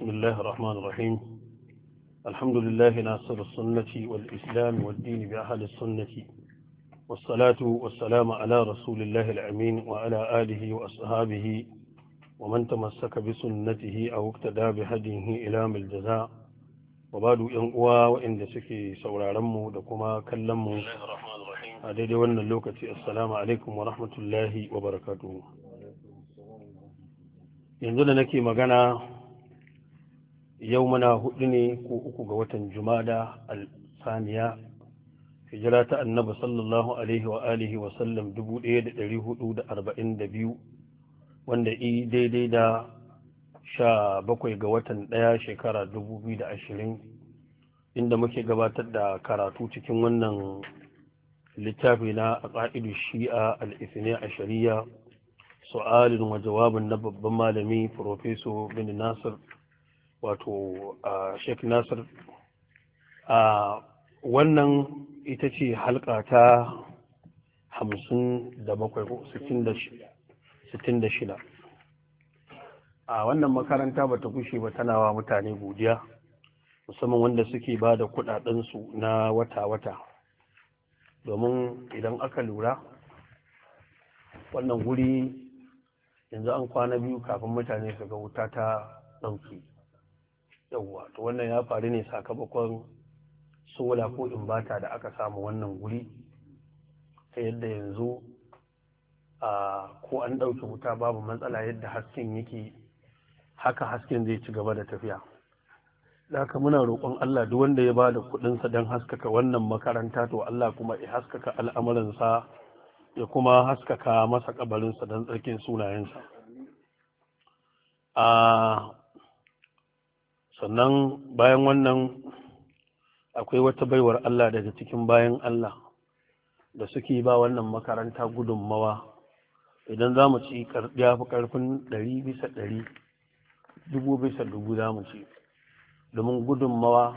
بسم الله الرحمن الرحيم الحمد لله ناصر السنة والإسلام والدين بأهل السنة والصلاة والسلام على رسول الله الأمين وعلى آله وأصحابه ومن تمسك بسنته أو اقتدى بهديه إلى الجزاء وبعد ينقوى وإن سكي سورا رمو دكما كلمو أدري وأن اللوكة السلام عليكم ورحمة الله وبركاته ينزل نكي مغانا yau muna hudu ne ko uku ga watan jumada al-saniya hijira ta annabi sallallahu alaihi wa alihi wa sallam 1442 wanda i daidai da sha bakwai ga watan ɗaya shekara 2020 inda muke gabatar da karatu cikin wannan littafi na a ƙa'idu shi'a al a shari'a su'alin wa jawabin na babban malami profeso bin nasir wato Sheikh Nasir a wannan ita ce halka ta hamsin da bakwai ko sittin da shida a wannan makaranta ba ta kushe ba tana wa mutane godiya musamman wanda suke ba da kudadensu na wata-wata domin idan aka lura wannan guri yanzu an kwana biyu kafin mutane su ga wuta ta ɗauki yawwa to wannan ya faru ne sakamakon sola ko in imbata da aka samu wannan guri ta yadda yanzu ko an ɗauki wuta babu matsala yadda hasken yake haka hasken zai ci gaba da tafiya haka muna roƙon Allah duk wanda ya bada kuɗinsa don haskaka wannan makaranta to Allah kuma ya haskaka al'amuransa ya kuma haskaka masa ƙabarinsa don tsarkin sunayensa. sannan bayan wannan akwai wata baiwar Allah daga cikin bayan Allah da suke ba wannan makaranta gudunmawa idan za mu ci ya fi ƙarfin ɗari bisa ɗari dubu bisa dubu za mu ci domin gudunmawa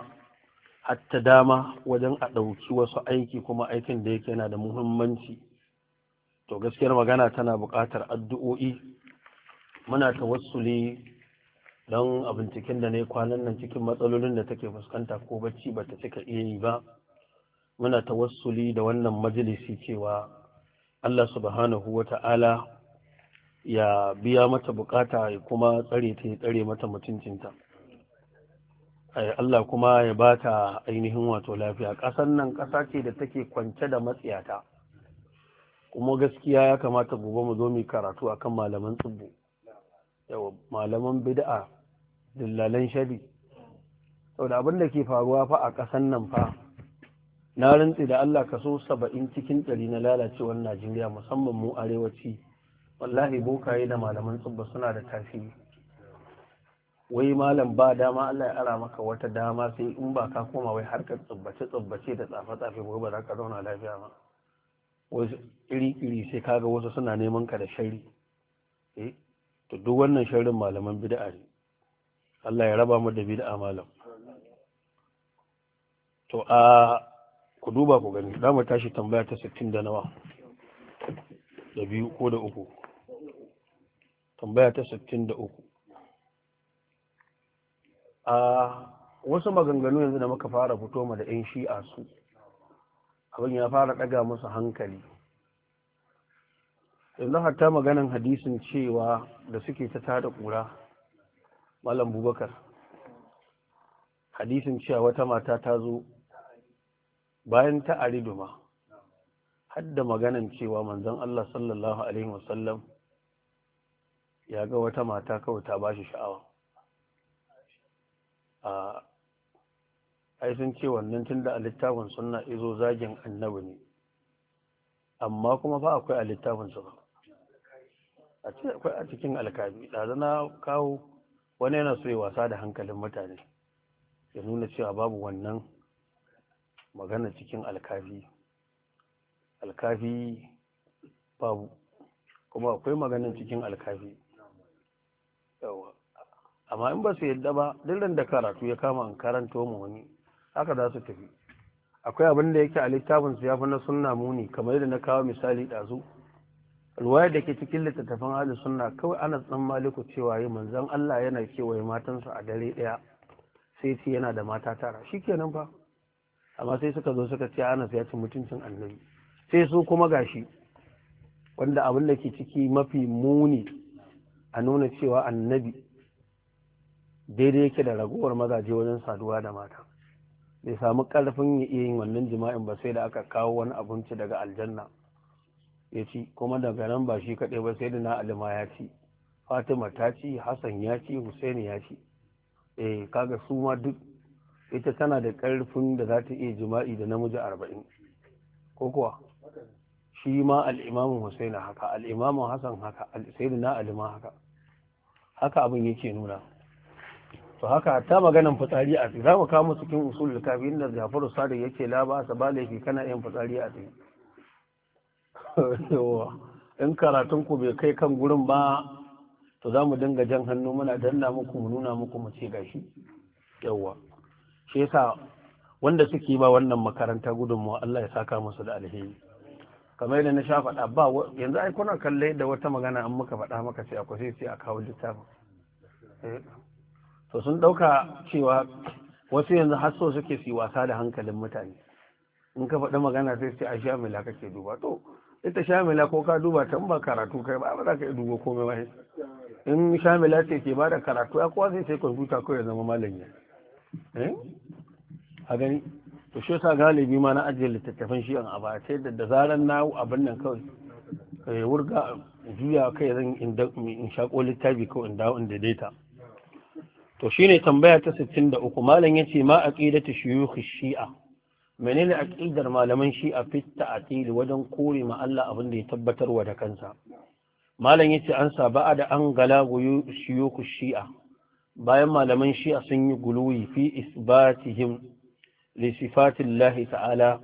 hatta dama wajen a ɗauki wasu aiki kuma aikin da yake yana da muhimmanci to gaskiyar magana tana buƙatar addu'o'i muna tawassuli don a binciken da ne kwanan nan cikin matsalolin da take fuskanta ko bacci ba ta cika iya yi ba muna tawassuli da wannan majalisi cewa Allah subhanahu wa ta'ala ya biya mata bukata ya kuma tsare ta ya tsare mata mutuncinta Allah kuma ya ba ta ainihin wato lafiya ƙasar nan ƙasa ce da take kwance da matsiyata kuma gaskiya ya kamata gobe mu zo mu karatu akan malaman tsibbu yawa malaman bid'a dillalan shari saboda abin da ke faruwa fa a ƙasan nan fa na rantsi da Allah kaso saba'in cikin ɗari na lalacewar Najeriya musamman mu arewaci wallahi bokaye da malaman tsubba suna da tasiri wai malam ba dama Allah ya ara maka wata dama sai in ba ka koma wai harkar tsubbace tsubbace da tsafe tsafe wai ba za ka zauna lafiya ba wasu iri iri sai kaga wasu suna neman ka da shari eh, to duk wannan sharrin malaman bid'a ne Allah ya raba mu da bid'a malam to a ku duba ku gani za mu tashi tambaya ta 60 da nawa da biyu ko da uku tambaya ta da uku? a wasu maganganu yanzu da muka fara fito ma da 'yan shi'a su abin ya fara daga musu hankali yanzu hatta maganan hadisin cewa da suke ta tada kura malam bubakar hadisin cewa wata mata ta zo bayan ta ariduma hadda maganan cewa manzon Allah sallallahu alaihi wasallam ya ga wata mata kawai ta ba shi sha'awa a ai sun ce wannan da a littafin sunna izo zagin annabi ne amma kuma ba akwai a littafin sunna a ce akwai a cikin alkabi ɗazu na kawo wani yana so ya wasa da hankalin mutane ya nuna cewa babu wannan magana cikin alkafi alkafi babu kuma akwai maganin cikin alkafi yawa amma in ba su yadda ba duk da karatu ya kama an karanta mu wani haka za su tafi akwai abin da yake a littafin su ya fi na sunna muni kamar yadda na kawo misali ɗazu ruwaya da ke cikin littattafan ahli sunna kawai ana tsan maliku cewa yi manzon Allah yana kewaye matansa a dare daya sai ce yana da mata tara shikenan fa amma sai suka zo suka ce Anas ya ci mutuncin annabi sai su kuma gashi wanda abin da ke ciki mafi muni a nuna cewa annabi daidai yake da ragowar mazaje wajen saduwa da mata bai samu karfin yin wannan jima'in ba sai da aka kawo wani abinci daga aljanna ya ci kuma daga nan ba shi kaɗai ba sai da na alima ya ci fatima ta ci hassan ya ci husaini ya ci e kaga su ma duk ita tana da ƙarfin da za ta iya jima'i da namiji arba'in ko kuwa shi ma al'imamin husaini haka al'imamin hassan haka sai da na alima haka haka abin yake nuna to haka ta maganan fitsari a tsaye za mu kawo musu kin usul kafi inda jafaru sadiq yake la ba laifi kana yin fitsari a tsaye in karatunku bai kai kan gurin ba to za mu dinga jan hannu muna danna muku mu nuna muku mu ce gashi yawwa shi yasa wanda suke ba wannan makaranta gudunmawa Allah ya saka musu da alheri kamar yadda na sha faɗa ba yanzu ai kuna kalle da wata magana an muka faɗa maka sai akwai sai sai a kawo littafin eh. to sun ɗauka cewa wasu yanzu har so suke su wasa da hankalin mutane in ka faɗi magana sai sai a sha laka kake duba to ita shamila ko ka duba ta ba karatu kai ba ba za ka yi komai ba in shamila ce ke ba da karatu ya kowa zai sai kwamfuta ko ya zama malam ya eh? a gani to shi ta galibi ma na ajiye littattafan shi an aba sai da da zaran na abin nan kawai kai eh, wurga juya kai zan in shako littafi ko in dawo in daidaita to shine tambaya ta 63 malam yace ma aqidatu shuyukh shi'a menene aƙidar malaman shi'a a ta'til wajen kore ma Allah abin da ya tabbatar wa da kansa malam ce an ba'a da an gala guyu shiyuku shi'a bayan malaman shi'a sun yi guluwi fi isbatihim li sifatillahi ta'ala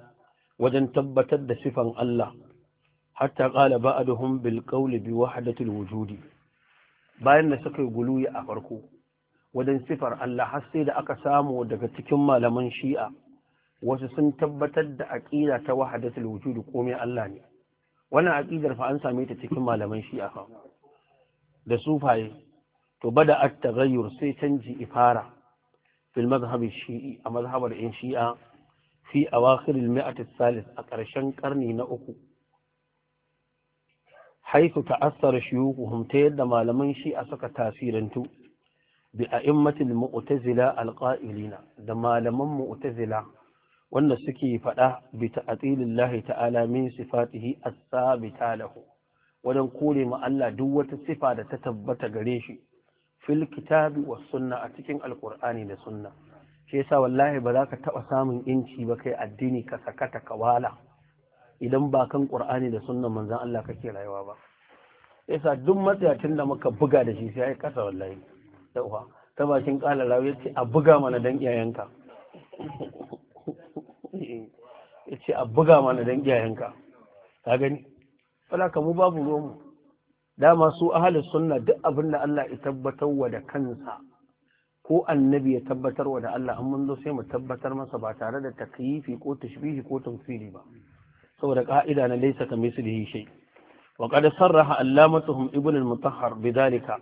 wajen tabbatar da sifan Allah hatta qala ba'dhum bil qawli bi wahadatul wujudi bayan da suka yi guluwi a farko wajen sifar Allah har sai da aka samu daga cikin malaman shi'a wasu sun tabbatar da aƙida ta wahadatul wujud komai Allah ne wannan aƙidar fa an same ta cikin malaman shi'a fa da sufaye to bada at-taghayyur sai canji ifara fil madhhab shi'i a mazhabar in shi'a fi awakhir al-mi'at salis a ƙarshen karni na uku haythu ta'assara shuyukuhum ta yadda malaman shi'a suka tasirantu bi a'immatil mu'tazila al-qa'ilina da malaman mu'tazila wanda suke faɗa bi ta'atilillahi ta'ala min sifatihi as-sabita lahu wajen kore ma Allah duk wata sifa da ta tabbata gare shi fil kitabi was sunna a cikin alqur'ani da sunna shi yasa wallahi ba za ka taba samun inci ba kai addini ka sakata ka wala idan ba kan qur'ani da sunna manzon Allah kake rayuwa ba yasa duk matsayacin da muka buga da shi sai ya kasa wallahi da ta bakin kala rawi yace a buga mana dan iyayenka ya ce a buga mana don iyayenka ka gani fala mu babu ruwanmu dama su ahalin sunna duk abin da Allah ya tabbatar wa da kansa ko annabi ya tabbatar wa da Allah mun zo sai mu tabbatar masa ba tare da takyifi ko tashbihi ko tamthili ba saboda ka'ida na laysa kamislihi shay wa qad sarraha allamatuhum ibn al-mutahhar bidhalika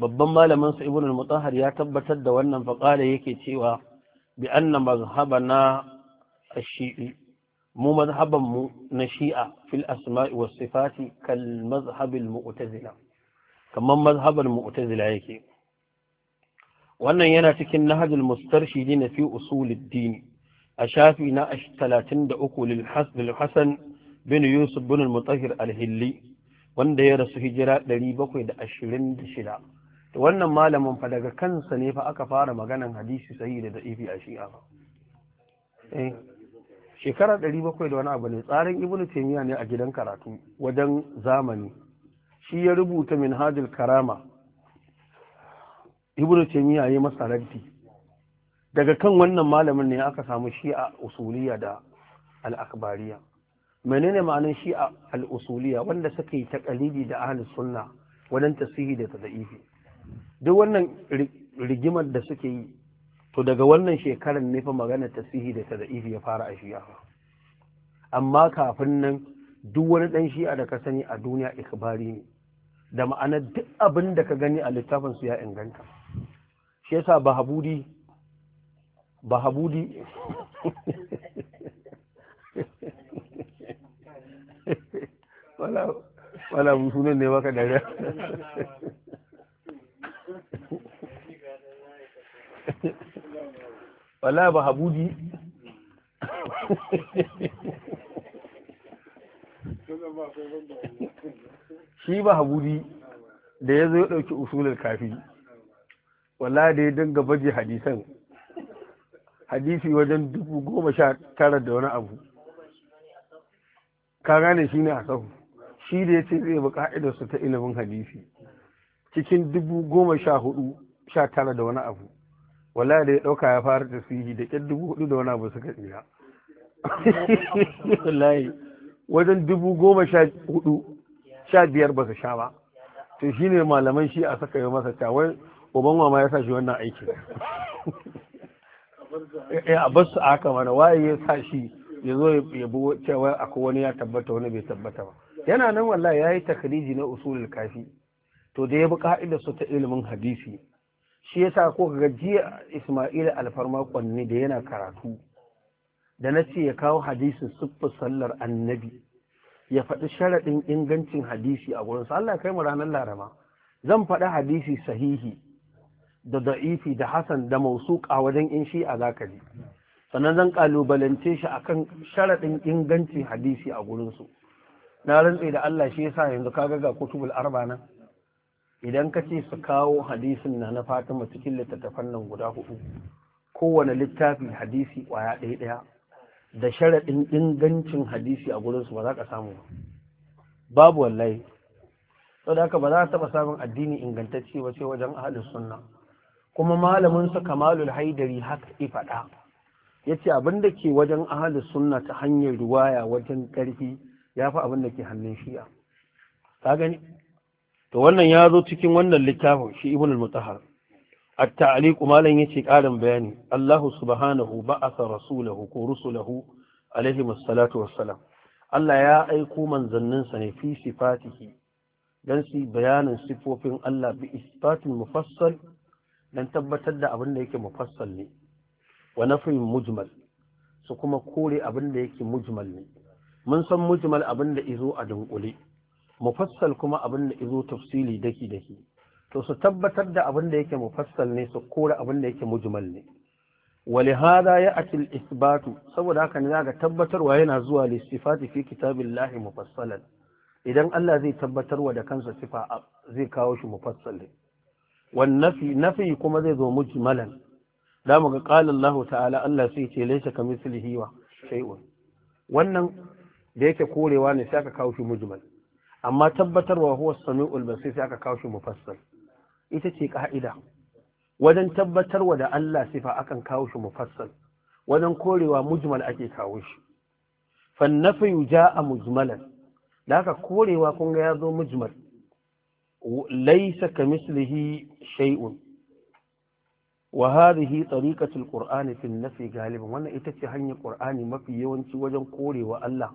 babban malamin sa ibn al-mutahhar ya tabbatar da wannan faqala yake cewa بأن مذهبنا الشيعي مو مذهبا نشيئة في الأسماء والصفات كالمذهب المؤتزلة كما مذهب المؤتزلة يكي وأن يناتك النهج المسترشدين في أصول الدين أشافي ناش ثلاثين دقو للحسن بن يوسف بن المطهر الهلي وأن يرسو هجراء دريبك إذا أشرين دشلاء to wannan malamin fa daga kansa ne fa aka fara maganan hadisi sahi da da'ifi a shi'a fa eh, shekara 700 da wani abu ne tsarin ibnu taymiya ne a gidan karatu wajen zamani shi ya rubuta minhajul karama ibnu taymiya yayi masa daga kan wannan malamin ne aka samu shi'a usuliya da al-akbariya menene ma'anin shi'a al-usuliya wanda suka yi taqalidi da ahlus sunna wajen tasihi da tadaifi duk wannan rigimar da suke yi to daga wannan shekarar ne fa magana tasihi da tada'ifi ya fara a shi'a amma kafin nan duk wani dan shi'a da ka sani a duniya ikbari ne da ma'ana duk abin da ka gani a littafin su ya inganta shi yasa bahabudi bahabudi wala wala sunan ne maka da wala ba habudi shi ba habudi da ya zo ya ɗauki usulul kafi wala da ya dinga baje hadisan hadisi wajen dubu goma sha tara da wani abu ka gane shi ne a sahu shi da ya ce zai ba ka'idarsu ta ilimin hadisi cikin dubu goma sha hudu sha tara da wani abu wallahi da ya ɗauka ya fara sihi da ƙin dubu hudu da wani abu suka tsira wallahi wajen dubu goma sha hudu sha biyar ba su sha ba to shi ne malaman shi a saka yi masa cawai uban wama ya sa shi wannan aiki eh, a basu su aka mana waye ya sa shi ya zo ya bi cewa akwai wani ya tabbata wani bai tabbata ba yana nan wallahi ya yi takaliji na usulul kafi to da ya bi ka'ida su ta ilimin hadisi shi yasa ko ga jiya Isma'il alfarma kwanne da yana karatu da na ce ya kawo hadisin siffa sallar annabi ya faɗi sharaɗin ingancin hadisi a gurin Allah kai mu ranar laraba zan faɗi hadisi sahihi da da'ifi da hasan da mausuk a wajen in shi a zakari sannan zan kalubalance shi akan sharaɗin ingancin hadisi a gurinsu na rantse da Allah shi yasa yanzu kaga ga kutubul arba nan idan ka ce su kawo hadisin na na fatima cikin littattafan nan guda hudu kowane littafi hadisi kwaya ɗaya ɗaya da sharaɗin ingancin hadisi a gurinsu ba za ka samu ba babu wallahi saboda haka ba za ka taɓa samun addini ingantacce ba ce wajen ahalin sunna kuma malamin su kamalul haidari haka i faɗa ya abin da ke wajen ahalin sunna ta hanyar riwaya wajen ƙarfi ya fi abin da ke hannun shi'a ka gani to wannan ya zo cikin wannan littafin shi ibn al-mutahhar at-ta'liq malan yace karin bayani Allah subhanahu ba'atha rasulahu ko rusulahu alaihi wassalatu wassalam Allah ya aiko sa ne fi sifatihi dan si bayanin sifofin Allah bi isbatin mufassal dan tabbatar da abin da yake mufassal ne wa nafi mujmal su kuma kore abin da yake mujmal ne mun san mujmal abin da izo a dunkule mufassal kuma abin da izo tafsili daki daki to su tabbatar da abin da yake mufassal ne su kore abin da yake mujmal ne wali hada ya akil isbatu saboda haka ne za tabbatarwa yana zuwa li sifati fi kitabillahi mufassalan idan Allah zai tabbatarwa da kansa sifa zai kawo shi mufassal ne wan nafi nafi kuma zai zo mujmalan da mu ga qala ta'ala Allah sai ce laysa kamithlihi wa shay'un wannan da yake korewa ne sai ka kawo shi mujimal. amma tabbatarwa huwa sami'ul basir sai aka kawo shi mufassal ita ce ka'ida wajen tabbatarwa da Allah sifa akan kawo shi mufassal wajen korewa mujmal ake kawo shi fannafi ja'a mujmalan da haka korewa kun ga yazo mujmal laysa kamislihi shay'un wa hadhihi tariqatu alqur'ani fi an-nafi galiban wannan ita ce hanyar qur'ani mafi yawanci wajen korewa Allah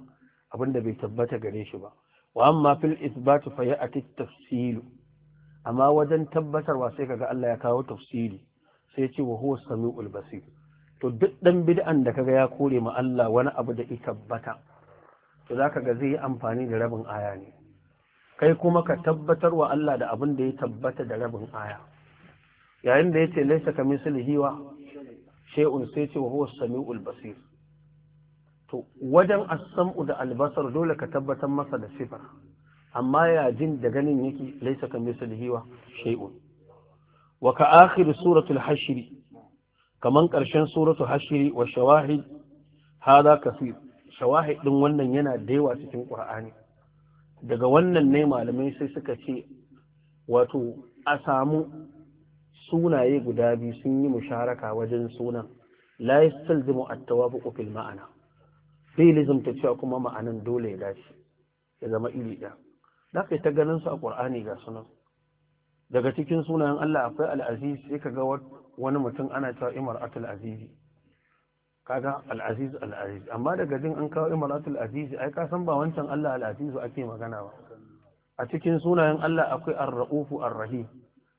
abinda bai tabbata gare shi ba wa amma fil isbatu fa ya'ti amma wajen tabbatarwa sai kaga Allah ya kawo tafsili sai ce wa huwa basir to duk dan bid'an da kaga ya kore ma Allah wani abu da ita bata, to ka ga zai yi amfani da rabin aya ne kai kuma ka tabbatar wa Allah da abin da ya tabbata da rabin aya yayin da yace laysa kamislihi hiwa, she'un sai ce wa huwa samiul basir to wajen asam'u da albasar dole ka tabbatar masa da sifar amma ya jin da ganin yake laisa ka mislihi wa shay'un wa ka akhir suratul hashr kaman karshen suratul hashr wa shawahid hada kafir shawahid din wannan yana da yawa cikin qur'ani daga wannan ne malamai sai suka ce wato a samu sunaye guda biyu sun yi musharaka wajen sunan la yastalzimu at-tawafuq fil ma'ana sai lizumta cewa kuma ma'anan dole ya dace ya zama iri ɗaya da ta ganin su a ƙur'ani ga sunan daga cikin sunayen Allah akwai al'aziz sai ka ga wani mutum ana cewa imar atul azizi kaga al'aziz al'aziz amma daga jin an kawo imar atul azizi ai ka san ba wancan Allah al'azizu ake magana ba a cikin sunayen Allah akwai ar-ra'ufu ar-rahim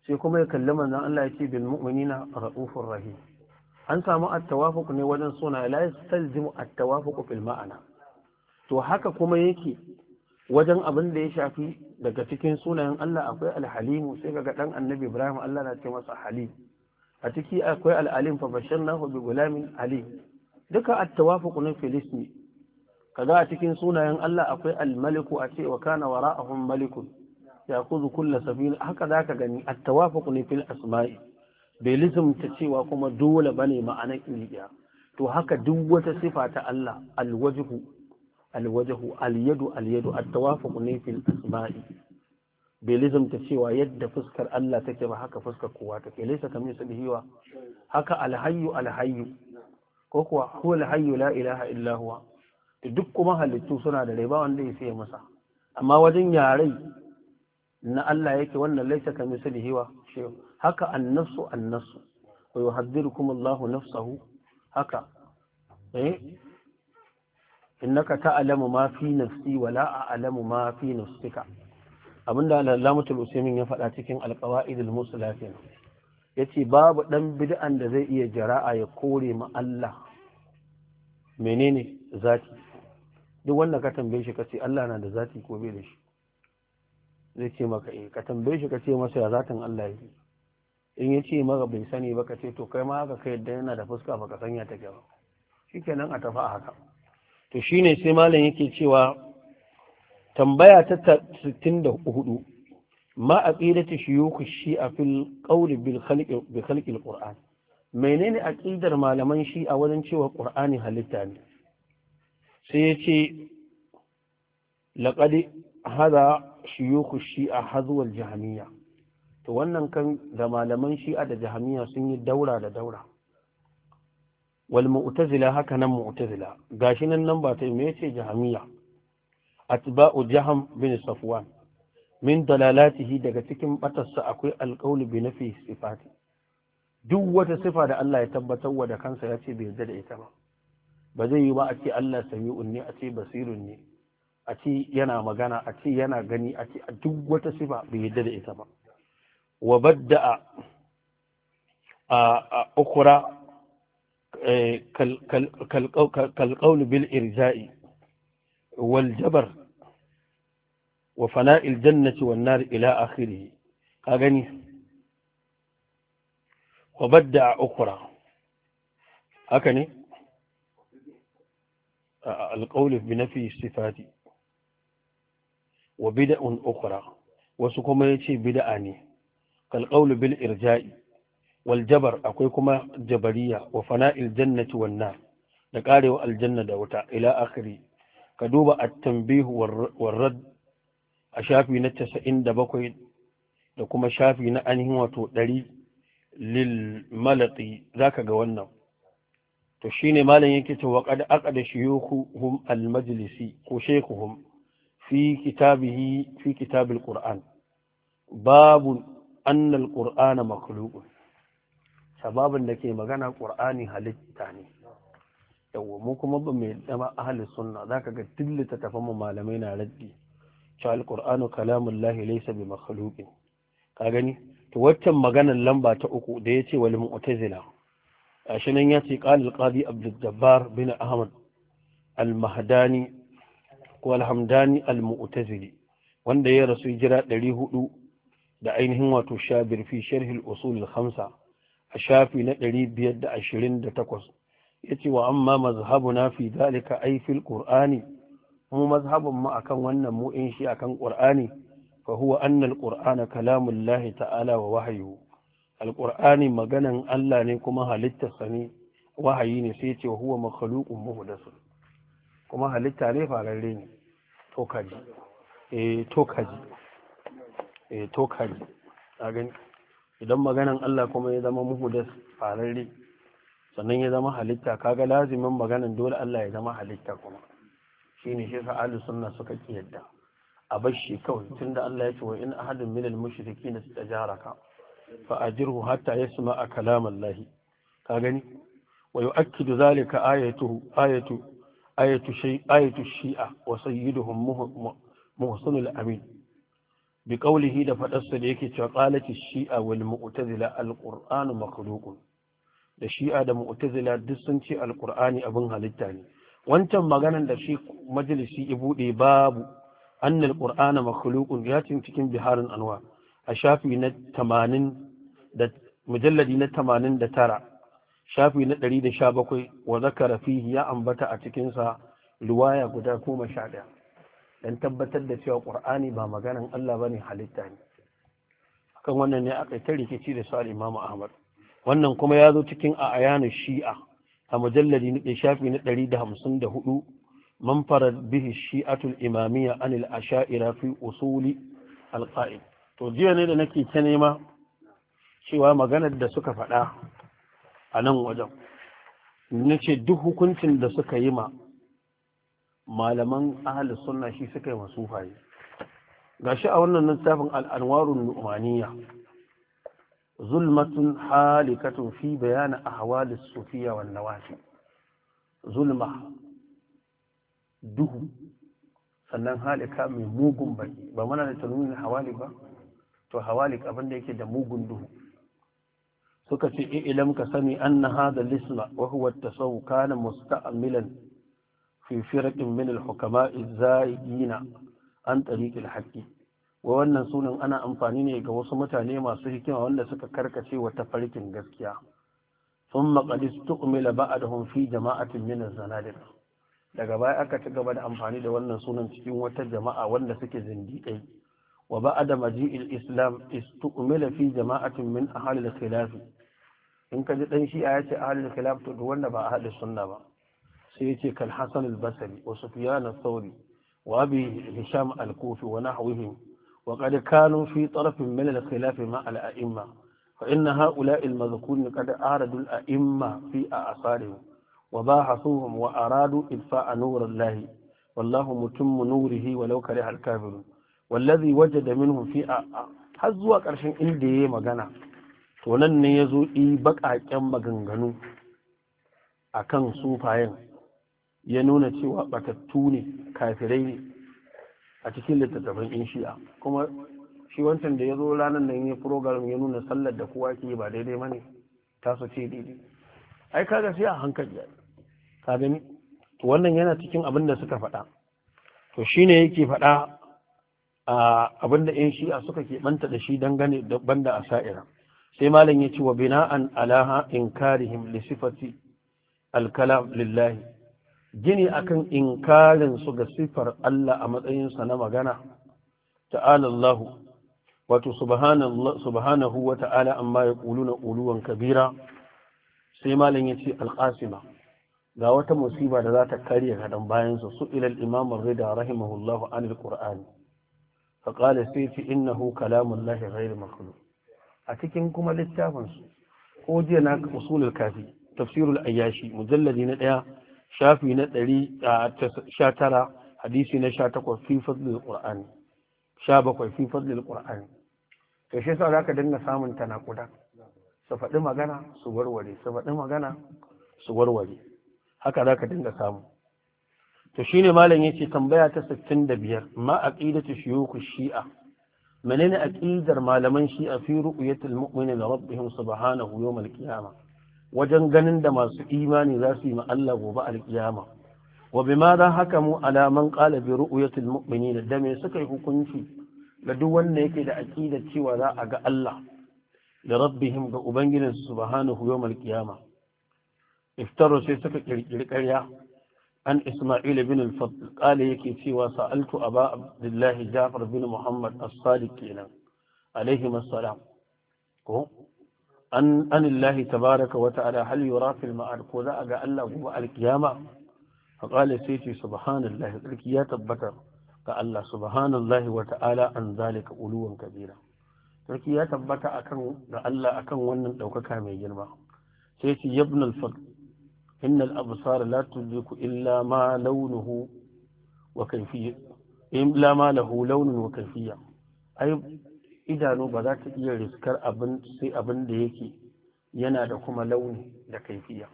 sai kuma ya kalli manzon Allah ya ce bil mu'minina ra'ufur rahim an samu attawafuku ne wajen suna la yastalzimu attawafuq fil ma'ana to haka kuma yake wajen abin da ya shafi daga cikin sunayen Allah akwai alhalimu sai kaga dan annabi Ibrahim Allah na ce masa halim a ciki akwai al'alim fa basharnahu bi gulamin alim duka attawafuq ne fil ismi kaga a cikin sunayen Allah akwai al-maliku a ce wa kana wara'ahum malikun ya'khudhu kull safina haka zaka gani attawafuq ne fil asma'i bai ta cewa kuma dole bane ma'anar ilgiya to haka duk wata sifa ta Allah alwajhu alwajhu alyadu alyadu at-tawafuq ne fil asma'i bai ta cewa yadda fuskar Allah take ba haka fuskar kowa take laysa kamithlihi wa haka alhayyu alhayyu ko kuwa huwa alhayyu la ilaha illa huwa duk kuma halittu suna da rai ba wanda ya sai masa amma wajen yarai na Allah yake wannan laisa ka misali hiwa haka annasu annasu wa yuhaddirukum Allahu nafsahu haka eh innaka ta'lamu ma fi nafsi wa la a'lamu ma fi nafsika abinda Allamatul Usaimin ya faɗa cikin alqawaidul musulatin yace babu dan bid'an da zai iya jara'a ya kore ma Allah menene zati duk wanda ka tambaye shi kace Allah na da zati ko bai da shi zai ce maka eh ka tambaye shi kace masa ya zatin Allah yake in ya ce maka bai sani ba ka ce to kai ma haka ka yadda yana da fuska ba ka sanya ta ba shi kenan a tafi a haka to shi ne sai malam yake cewa tambaya ta 64 ma aqidatu shi shi'a fil qawl bil khalq bi khalq al qur'an menene aqidar malaman a wajen cewa ƙur'ani halitta ne sai yace laqad hada shuyukh shi a al jami'a. to wannan kan da malaman shi'a da jahamiya sun yi daura da daura wal mu'tazila haka nan mu'tazila gashi nan nan ba ta me yace jahamiya atba'u jaham bin safwan min dalalatihi daga cikin batarsa akwai alqaul bi nafi sifati duk wata sifa da Allah ya tabbatar wa da kansa ya ce bai yarda da ita ba ba zai yi ba a ce Allah sami'un ne a ce basirun ne a ce yana magana a ce yana gani a ce duk wata sifa bai yarda da ita ba وبدأ أخرى آه، آه، آه، كالقول بالإرزاء والجبر وفناء الجنة والنار إلى آخره أغني وبدع أخرى أكني القول بنفي الصفات وبدع أخرى وسكما يتي بدعني kalƙaulu bil irja'i wal jabar akwai kuma jabariya wa fana'il jannati wan nar da karewa aljanna da wuta ila akhiri ka duba at-tanbih war rad a shafi na 97 da kuma shafi na ainihin wato 100 lil malati zaka ga wannan to shine malam yake cewa qad aqada shuyukhum al majlisi ko shaykhuhum fi kitabihi fi kitabil qur'an babu annal qur'ana makhluqun sababin da ke magana qur'ani halitta ne yawa mu kuma ba mai dama ahli sunna zaka ga dillita tafan mu malamai na raddi cewa quranu kalamullahi laysa bi makhluqin ka gani to waccan maganar lamba ta uku da yace wal mu'tazila gashi nan yace qala al-qadi abdul jabbar bin ahmad al-mahdani ko al-hamdani wanda ya rasu hijira 400 da ainihin wato shabir fi sharhil usul khamsa a shafi na 528 yace wa amma mazhabuna fi dalika ay fil qur'ani mu mazhabun mu akan wannan mu in shi akan qur'ani fa huwa anna al qur'ana kalamullahi ta'ala wa wahyuhu al qur'ani maganan Allah ne kuma halitta ne wahayi ne sai ce huwa makhluqun muhdathun kuma halitta ne fararre ne to kaji eh to kaji eh tokari idan maganan Allah kuma ya zama muhudas fararri sannan ya zama halitta kaga lazimin maganan dole Allah ya zama halitta kuma shine shi sa ahlus sunna suka kiyarda a bashi kawai tunda Allah ya ce wa in ahadun al mushrikin tajaraka fa ajirhu hatta yasma'a kalam Allah ka gani wa yu'akkidu zalika ayatu ayatu ayatu shay ayatu shi'a wa sayyiduhum muhsinul amin bi da faɗarsa da yake cewa qalati shi'a wal mu'tazila al qur'anu da shi'a da mu'tazila duk sun ce al abin halitta ne wancan maganar da shi majalisi ya bude babu annal qur'ana makhluqun ya cikin biharin anwa a shafi na 80 da mujalladi na 89 shafi na ɗari 117 wa zakara fihi ya ambata a cikinsa luwaya guda riwaya sha ɗaya. dan tabbatar da cewa qur'ani ba maganan Allah ba ne halitta ne kan wannan ne aka ta rikici da su al-Imam Ahmad wannan kuma ya zo cikin a ayanu shi'a a mujalladi na shafi na 154 man farad bihi shi'atul imamiyya anil asha'ira fi usuli al to jiya ne da nake ta nema cewa maganar da suka faɗa a nan wajen nace duk hukuncin da suka yi ma malaman ahalus sunna shi suka yi Ga gashi a wannan littafin al'anwarun nu'maniya zulmatun halikatun fi bayana ahwalis sufiya wan nawafi zulma duhu sannan halika mai mugun baki ba mana da tanumin hawali ba to hawali abin yake da mugun duhu suka ce ilam ka sani an hadha lisma wa huwa at-tasawwu kana musta'milan fi firqin min al-hukama az an tariq al-haqqi wa wannan sunan ana amfani ne ga wasu mutane masu hikima wanda suka karkace wata farkin gaskiya thumma qad istu'mila ba'dahum fi jama'atin min az-zanadiq daga baya aka ci gaba da amfani da wannan sunan cikin wata jama'a wanda suke zindiƙai wa ba'da maji'il islam istu'mila fi jama'atin min ahli al-khilaf in ka ji dan shi'a ce ahli al-khilaf to wanda ba ahli sunna ba sai yace kal hasan al wa sufyan al thawri wa abi hisham al kufi wa nahwihim wa qad kanu fi taraf min al khilaf ma al a'imma fa inna haula al madhkurun qad aradu al a'imma fi a'sarihim wa bahasuhum wa aradu idfa'a nur allah والله متم نوره ولو كره الكافرون wallazi wajada minhum fi har zuwa ƙarshen inda yayi magana to nan ne yazo i baƙaƙen maganganu akan sufayen ya nuna cewa batattu ne kafirai ne a cikin littattafan in shi'a kuma shi wancan da ya zo ranar nan ya program ya nuna sallar da kowa ke ba daidai mane ta su ce daidai ai kaga sai a hankali ka gani to wannan yana cikin abin da suka faɗa to shine yake faɗa a abin da in shi'a suka ke banta da shi dangane da banda a sa'ira sai malam ya ce wa bina'an alaha inkarihim li sifati al-kalam lillahi gini akan inkarin su ga sifar Allah a matsayinsa na magana ta'ala Allah wato subhanahu wa ta'ala amma ya na uluwan kabira sai malam ya ce alƙasima ga wata musiba da za ta karya kaɗan bayansa su ilal imam rida rahimahullahu anil qur'ani faƙala sai fi innahu kalamun lahi ghairi makulu. a cikin kuma littafinsu ko jiya na usulul kafi tafsirul ayyashi mujalladi na ɗaya shafi na ɗari a sha tara hadisi na sha takwas fi fadlil qur'ani sha bakwai fi fadlil qur'ani to shi yasa zaka dinga samun tanakuda su faɗi magana su warware su faɗi magana su warware haka zaka dinga samu to shine malam yace tambaya ta 65 ma aqidatu shuyukh shi'a menene aqidar malaman shi'a fi ru'yatil mu'mini li rabbihim subhanahu yawm al-qiyamah wajen ganin da masu imani za su yi ma Allah gobe alkiyama wa ma za haka mu alaman ƙalabi ru'uyatul mumini da me suka yi hukunci ga duk wanda yake da aqida cewa za a ga Allah da rabbihim ga ubangijinsu subhanahu yawmal ƙarya an Isma'il القرية al إسماعيل بن الفضل قال يكي سوى سألت أبا Abdullahi Jafar bin بن محمد kenan عليهما السلام an anillahi tabaraka wa ta'ala hal yura fil ko za a ga Allah gobe alkiyama fa sai ce subhanallahi sarki ya tabbata ga Allah subhanallahi wa ta'ala an zalika uluwan kabira sarki ya tabbata akan ga Allah akan wannan daukaka mai girma sai ce ibn al-fadl inna al-absar la tudriku illa ma launuhu wa kayfiyya illa ma lahu wa kayfiyya idanu ba za ta iya riskar abin sai abin da yake yana da kuma launi da kaifiya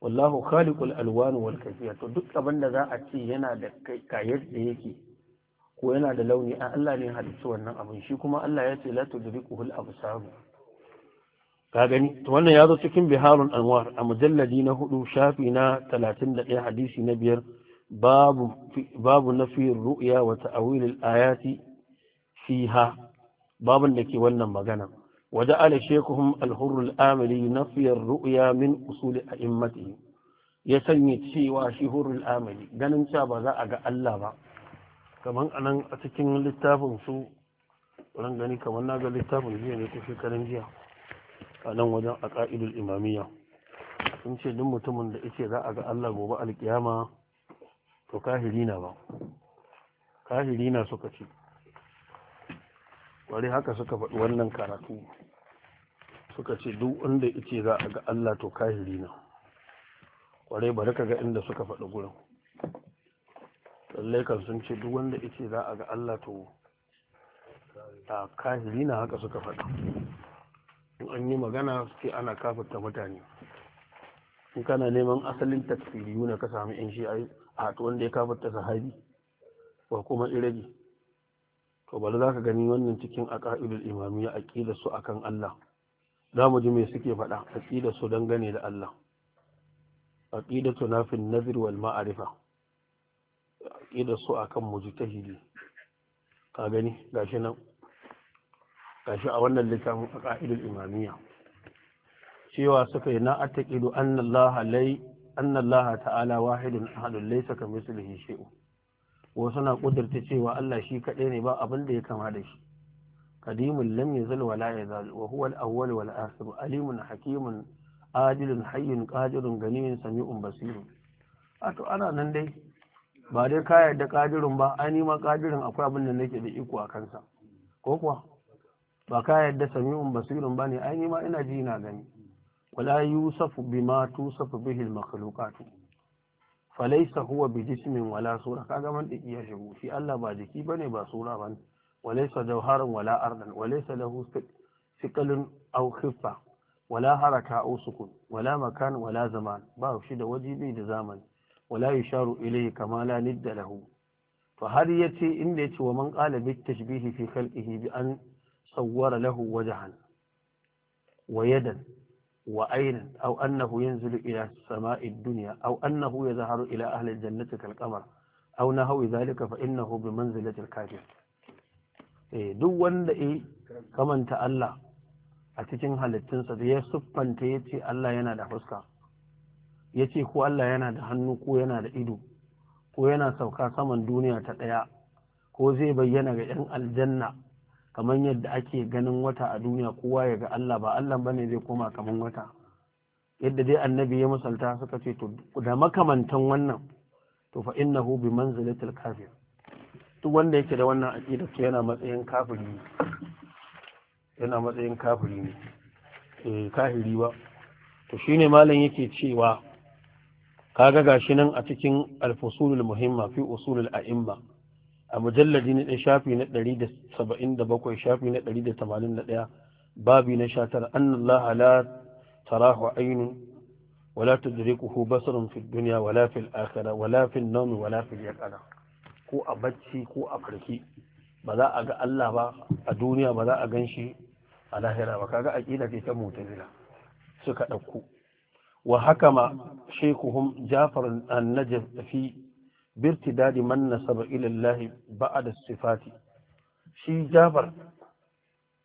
wallahu khaliqul alwan wal kaifiya to duk abin da za a ce yana da kayar da yake ko yana da launi a Allah ne halittu wannan abin shi kuma Allah ya ce la al absar ka gani to wannan ya zo cikin biharul anwar a mujalladi na hudu shafi na 31 hadisi na biyar babu babu nafi ru'ya wa ta'wil al ayati fiha babin da ke wannan magana waje ala shekuhum alhurul amiri na ruuya ru'ya min usuli a immati ya sanya cewa shi hurul amiri ganin cewa ba za a ga Allah ba kamar anan a cikin littafin su ran gani kamar na ga littafin jiya ne ko shekarun jiya a nan wajen a ka'idul imamiyya sun ce duk mutumin da yake za a ga Allah gobe alkiyama to kahirina ba Kahirina suka ce bari haka suka faɗi wannan karatu suka ce duk wanda ice za a ga Allah to kahiri na kware bari ka ga inda suka faɗi gurin lallai kan sun ce duk wanda ice za a ga Allah to a kahiri na haka suka faɗi in an yi magana sai ana kafinta mutane in kana neman asalin tafsiri na ka sami in shi a wanda ya kafinta sahabi ba kuma irabi to bari za ka gani wannan cikin aƙa'idul a aƙida su akan Allah za mu ji me suke faɗa a aƙida su dangane da Allah A aƙida tu nafin nazir wal ma'arifa aƙida su akan mu ji mujtahidi ka gani gashi nan gashi a wannan littafin aƙa'idul imamiya. cewa suka yi na attaqidu anna Allah lay anna Allah ta'ala wahidun ahadun laysa kamithlihi shay'un ko suna kudurta cewa Allah shi kaɗai ne ba abin da ya kama da shi Kadimun lam yazal wala yazal wa huwa al-awwal wal akhir alimun hakimun adilun hayyun qadirun ganiyun sami'un basirun ato ana nan dai ba dai ka yarda qadirun ba ai ni ma qadirun akwai abin da nake da iko a kansa ko kuwa ba ka yarda sami'un basirun bane ai ni ma ina ji ina gani wala yusafu bima tusafu bihi al-makhluqatu falaisa huwa bi jismin wala sura kaga man diki ya shigo shi Allah ba jiki bane ba sura bane walaisa jawharan wala ardan walaisa lahu siqalun aw khiffa wala haraka aw sukun wala makan wala zaman ba shi da waje bai da zamani wala yusharu ilayhi kama la nidda lahu to har yace inda yace wa man qala bi tashbihi fi khalqihi bi an sawwara lahu wajhan wa yadan وأين أو أنه ينزل إلى سماء الدنيا أو أنه au إلى أهل الجنة كالقمر أو نحو ذلك فإنه بمنزلة الكافر duk wanda ya kamanta Allah a cikin halittunsa da ya siffanta ya ce Allah yana da fuska yace ko Allah yana da hannu ko yana da ido ko yana sauka saman duniya ta ɗaya ko zai bayyana ga 'yan aljanna kamar yadda ake ganin wata a duniya kowa ya ga Allah ba Allah ba bane zai koma kamar wata yadda dai annabi ya misalta suka ce to da makamantan wannan to fa innahu bi manzilatil kafir duk wanda yake da wannan aqida to yana matsayin kafiri ne yana matsayin kafiri ne eh kafiri ba to shine malam yake cewa kaga gashi nan a cikin al-fusulul muhimma fi usulul a'imma a mujalladi na shafi na 177 shafi na 181 babi na 19 annallaha la tarahu ainun wala tudrikuhu basarun fi dunya wala fil akhirah wala fil nawmi wala fil yaqana ko a bacci ko a farki ba za a ga Allah ba a duniya ba za a gan shi a lahira ba kaga aqida ce ta mutazila suka dauko wa hakama shaykhuhum Jafar an-Najaf fi birtidadi man nasaba ila Allah ba'da sifati shi Jabar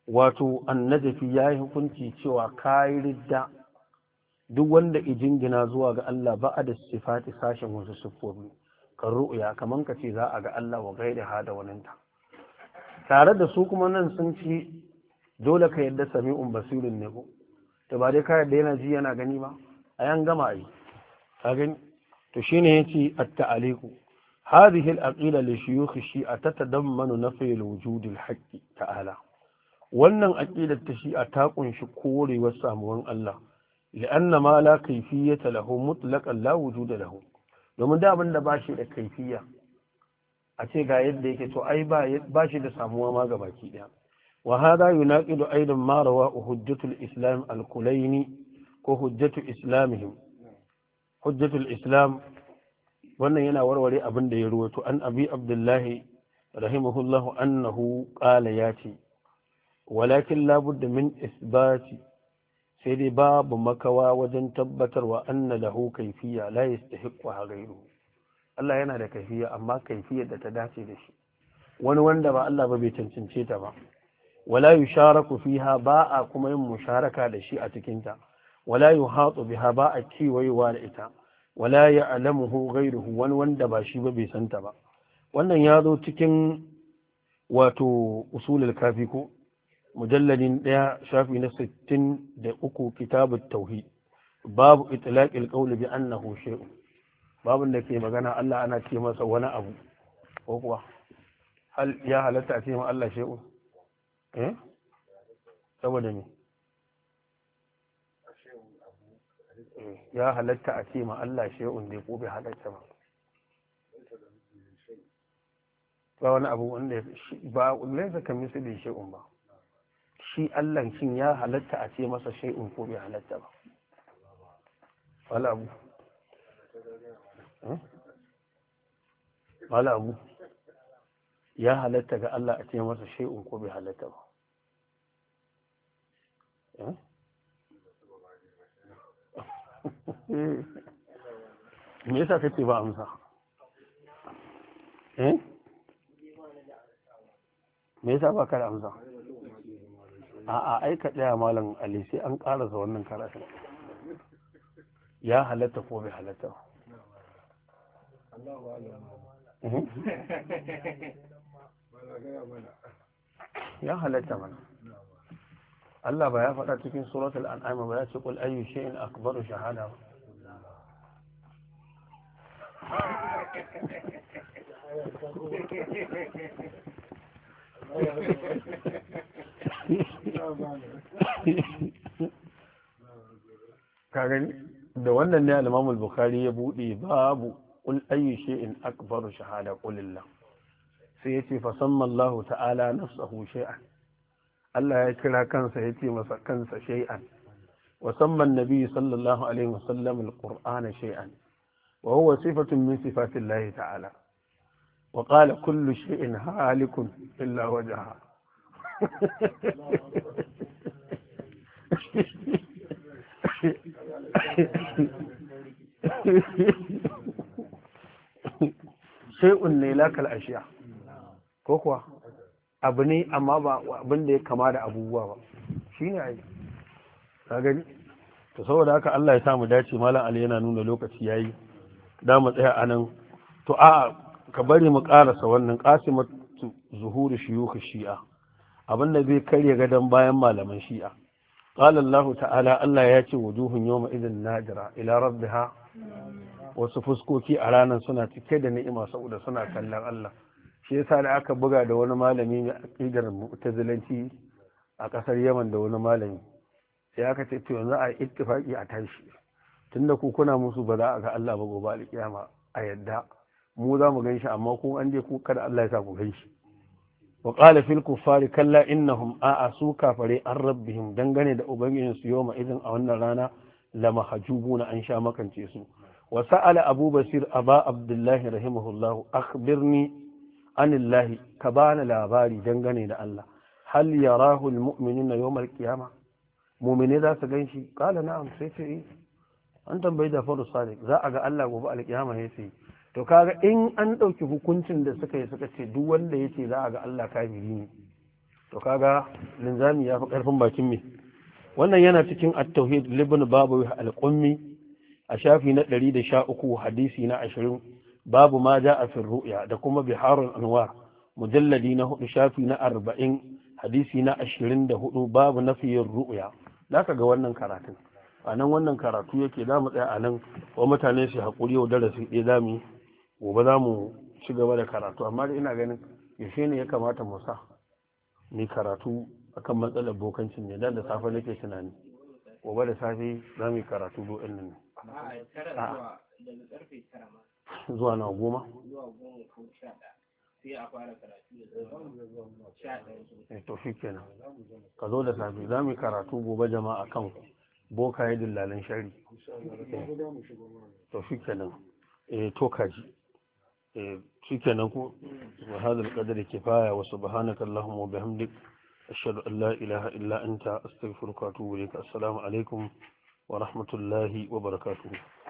wato annajafi yayi hukunci cewa kai ridda duk wanda ijingina zuwa ga Allah ba'da sifati sashin wasu siffofi kan ru'ya kaman ka ce za a ga Allah wa gairi hada waninta tare da su kuma nan sun ci dole ka yadda sami'un basirin ne ko to ba dai ka yadda yana ji yana gani ba a yan gama ai ka gani to shine yace at-ta'aliku هذه العقيدة لشيوخ الشيعة تتضمن نفي الوجود الحق تعالى wannan aqidar ta shi'a ta kunshi korewar samuwan Allah li'anna ma la kayfiyata lahu mutlaqan la wujuda lahu domin da abin da ba shi da kaifiya a ce ga yadda yake to ai ba shi da samuwa ma ga baki daya wa hada yunaqidu aidan ma rawa hujjatul islam al-kulaini ko hujjatu islamihim hujjatul islam wannan yana warware abin da ya ruwato an abi abdullahi rahimahullahu annahu qala ce. walakin labudda min isbati sai dai babu makawa wajen tabbatarwa anna lahu kaifiya la yastahiqu ghayru Allah yana da kaifiya amma kaifiyar da ta dace da shi wani wanda ba Allah ba bai cancance ta ba wala yusharaku fiha ba a kuma yin musharaka da shi a cikin ta wala yuhatu biha ba a kiwayewa da ita wala ya alamuhu gairuhu, wani wanda ba shi ba bai santa ba wannan ya zo cikin wato usulul kafi ko mujalladin ɗaya shafi na sittin da uku kitabut tauhid babu itlaqil qawl bi annahu shay'un babun da ke magana Allah ana ce masa wani abu ko kuwa hal ya halatta a ce ma Allah shay'un eh saboda ne. ya halatta a ce ma Allah shehun da ko bai halatta ba ba wani abu wanda ba laisa ka misali shehun ba shi Allah shin ya halatta a ce masa shehun ko bai halatta ba wala abu hmm? wala abu ya halatta ga Allah a ce masa shehun ko bai halatta ba hmm? Mm. me yasa kake ba amsa eh me yasa ba ka da amsa a'a ai ka daya malam ali sai an karasa wannan karatun ya halatta ko bai halatta eh? ya halatta mana Allah ba ya faɗa cikin suratul an'am ba ya ce kul ayyu shay'in akbaru shahada ba kagani da wannan ne al-Imam bukhari ya bude babu kul ayyu shay'in akbaru shahada qulillah sai yace fa samma Allah ta'ala nafsuhu shay'an الله يكره كان سيتي مسكن شيئا وسمى النبي صلى الله عليه وسلم القرآن شيئا وهو صفة من صفات الله تعالى وقال كل شيء هالك إلا وجهه شيء ليلاك الأشياء كوكوا abu ne amma ba abin da ya kama da abubuwa ba shi ne ai ta gani ta saboda haka Allah ya sa mu dace malam Ali yana nuna lokaci yayi da mu tsaya anan to a ka bari mu karasa wannan qasimatu zuhuri shuyukh shi'a abin da zai karya gadon bayan malaman shi'a قال الله تعالى الله ياتي وجوه يومئذ نادرة إلى ربها wasu fuskoki a ranar suna cike da ni'ima saboda suna kallon Allah shi yasa da aka buga da wani malami mai aƙidar mu'tazilanci a ƙasar Yaman da wani malami sai aka ce to yanzu a ittifaki a tashi tunda ku kuna musu ba za a ga Allah ba gobe alƙiyama a yadda mu za mu ganshi amma ku an je ku kada Allah ya sa ku ganshi wa qala fil kuffari kalla innahum su kafare an rabbihim dangane da ubangijin su ma idan a wannan rana la na an sha makance su wa sa'ala abu basir aba abdullahi rahimahullahu akhbirni anillahi ka bani labari dangane da Allah hal yarahu almu'minuna yawmal qiyamah mu'mini za su ganshi kala na'am sai ce eh. an tambayi da faru sadiq za a ga Allah gobe alkiyama ya ce to kaga in an ɗauki hukuncin da suka yi suka ce duk wanda ya ce za a ga Allah kafiri ne to kaga linzami ya fi ƙarfin bakin mi wannan yana cikin at-tauhid libn babu al a shafi na 113 hadisi na 20 babu ma ja a fin ru'ya da kuma biharun anwar mujalladi na hudu shafi na arba'in hadisi na ashirin da hudu babu nafiyin za ga wannan karatun a wannan karatu yake za mu tsaya a nan wa mutane su haƙuri yau darasi ɗaya za mu yi gobe za mu ci gaba da karatu amma dai ina ganin yaushe ne ya kamata mu sa ni karatu akan matsalar bokancin ne dan da safe nake tunani gobe da safe za mu yi karatu do'in nan zuwa na goma eh, to kenan ka zo da safe za mu yi karatu gobe jama'a kan ku boka yi dillalin shari to shi kenan eh to kaji eh shi kenan kifaya wa subhanaka allahumma wa bihamdik ashhadu an la ilaha illa anta astaghfiruka wa atubu ilayk assalamu alaikum wa rahmatullahi wa barakatuh